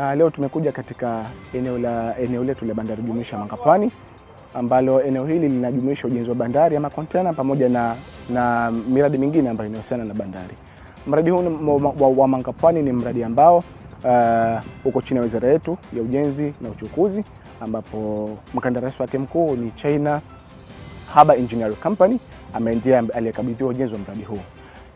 Uh, leo tumekuja katika eneo la eneo letu la bandari jumuisha Mangapwani ambalo eneo hili linajumuisha ujenzi wa bandari ama kontena pamoja na, na miradi mingine ambayo inahusiana na bandari. Mradi huu wa, wa Mangapwani ni mradi ambao uh, uko chini ya wizara yetu ya ujenzi na uchukuzi ambapo mkandarasi wake mkuu ni China Harbour Engineering Company ambaye aliyekabidhiwa ujenzi wa mradi huu.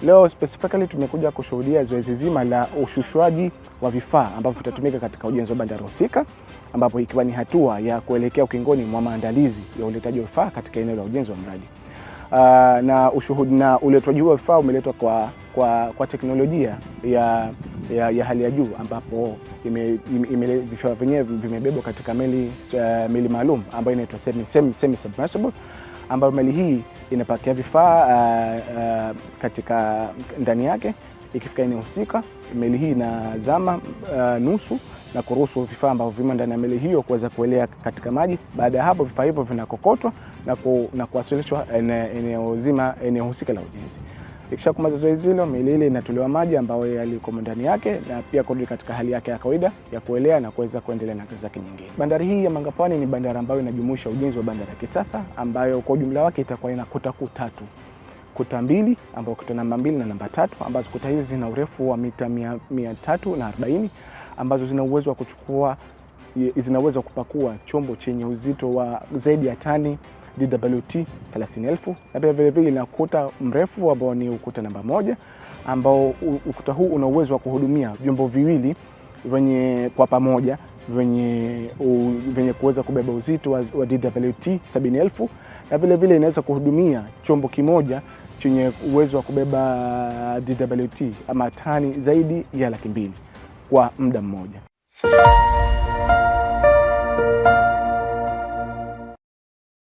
Leo specifically tumekuja kushuhudia zoezi zima la ushushwaji wa vifaa ambavyo vitatumika katika ujenzi wa bandari husika, ambapo ikiwa ni hatua ya kuelekea ukingoni mwa maandalizi ya uletaji wa vifaa katika eneo la ujenzi wa mradi. Uh, na ushuhudi na uletwaji huo wa vifaa umeletwa kwa, kwa, kwa teknolojia ya, ya, ya hali ya juu ambapo vifaa vyenyewe vimebebwa katika meli, uh, meli maalum ambayo inaitwa semi, semi, semi submersible ambayo meli hii inapakia vifaa uh, uh, katika ndani yake. Ikifika eneo husika, meli hii inazama uh, nusu na kuruhusu vifaa ambavyo vimo ndani ya meli hiyo kuweza kuelea katika maji. Baada ya hapo, vifaa hivyo vinakokotwa na, ku, na kuwasilishwa eneo zima, eneo husika la ujenzi. kumaliza zoezi hilo, miili ile inatolewa maji ambayo yalikuwa ndani yake na pia kurudi katika hali yake ya kawaida ya kuelea na kuweza kuendelea na kazi zake nyingine. Bandari hii ya Mangapwani ni bandari ambayo inajumuisha ujenzi wa bandari ya kisasa ambayo kwa ujumla wake itakuwa ina kuta kuu tatu, kuta mbili ambayo kuta namba mbili na namba tatu, ambazo kuta hizi zina urefu wa mita mia, mia tatu na arobaini ambazo zina uwezo wa kuchukua, zina uwezo wa kupakua chombo chenye uzito wa zaidi ya tani dwt 30000 na pia vilevile ina ukuta mrefu ambao ni ukuta namba moja, ambao ukuta huu una uwezo wa kuhudumia vyombo viwili venye kwa pamoja venye, venye kuweza kubeba uzito wa, wa DWT 70000 na vilevile inaweza kuhudumia chombo kimoja chenye uwezo wa kubeba DWT ama tani zaidi ya laki mbili kwa muda mmoja.